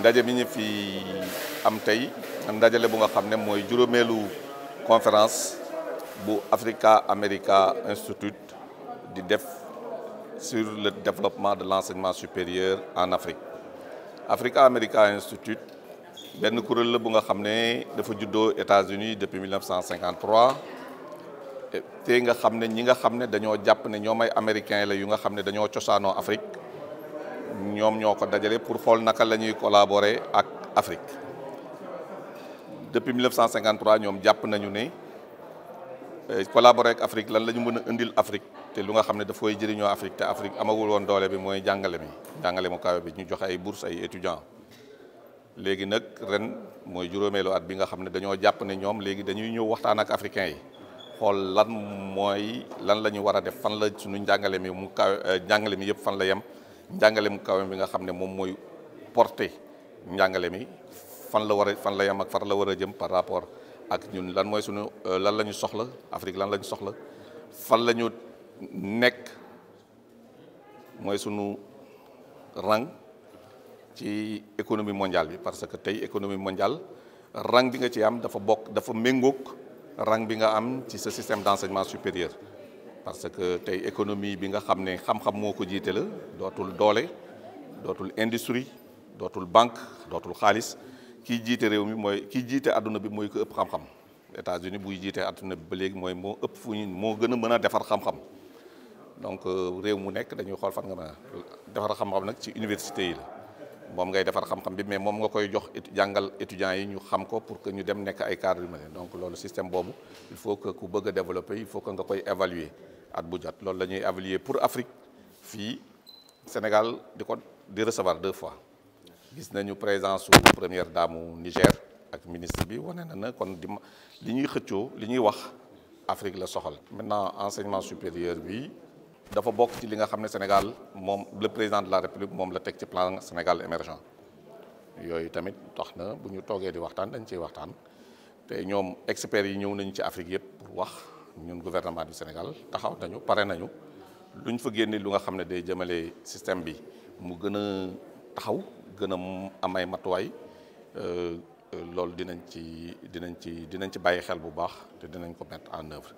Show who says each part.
Speaker 1: ndaje bi ñu fi am tey ndajale bu nga xam ne mooy juróomeelu conférence bu Africa America Institute di def sur le développement de l'enseignement supérieur en Afrique Africa America Institute benn kuréel la bu nga xam ne dafa juddoo États-Unis depuis 1953 te nga xam ne ñi nga xam ne dañoo jàpp ne ñoom ay américains la yu nga xam ne dañoo cosaanoo Afrique ñoom ñoo ko dajale pour xool naka la ñuy collaborer ak Afrique depuis 1953 ñoom jàpp nañu ne eh, collaborer ak lan la ñu mën a indil Afrique te lu nga xam ne daf koy jëriñoo Afrique te Afrique amagul woon doole bi mooy jàngale mi jàngale mu kawe bi ñu joxe ay bourse ay étudiants léegi nag ren mooy juróomeelu at bi nga xam ne dañoo jàpp ne ñoom léegi dañuy ñëw waxtaan ak africains yi. xool lan mooy lan la ñu war a def fan la suñu njàngale mi mu kaw euh, njàngale mi yëpp fan la yem njàngale mu kawe bi nga xam ne moom mooy porté njàngale mi fan la war fan la yem ak far la war a jëm par rapport ak ñun lan mooy suñu euh, lan la ñu soxla Afrique lan la ñu soxla fan la ñu nekk mooy suñu rang ci économie mondiale bi parce que tey économie mondiale rang bi nga ci am dafa bokk dafa méngoog rang bi nga am ci sa système d'enseignement supérieur parce que tey économie bi nga xam ne xam-xam moo ko jiite la dootul doole dootul industrie dootul banque dootul xaalis kii jiite réew mi mooy kii jiite àdduna bi mooy ko ëpp xam-xam États-Unis buy jiite àdduna bi ba léegi mooy moo ëpp fu ñu moo gën a mën a defar xam-xam donc euh, réew mu nekk dañuy xool fan nga mën a defar xam-xam nag ci université yi la moom ngay defar xam-xam bi mais moom nga koy jox jàngal étudiants yi ñu xam ko pour que ñu dem nekk ay cadres humains donc loolu système boobu il faut que ku bëgg a développer il faut que nga koy évaluer at bu jot loolu la ñuy évaluer pour Afrique fii Sénégal di ko di recevoir deux fois gis nañu présence su première dame mu Niger ak ministre bi wane na na kon di ma li ñuy xëccoo li ñuy wax Afrique la soxal maintenant enseignement supérieur bi. dafa bokk ci li nga xam ne Sénégal moom le président de la République moom la teg ci plan Sénégal émergent yooyu tamit tax na bu ñu toogee di waxtaan dañ ciy waxtaan te ñoom experts yi ñëw nañu ci Afrique yëpp pour wax ñun gouvernement du Sénégal taxaw nañu pare nañu luñ fa génne lu nga xam ne day jëmalee système bi mu gën a taxaw gën a am ay matuwaay euh, loolu dinañ ci dinañ ci dinañ ci bàyyi xel bu baax te dinañ ko mettre en œuvre.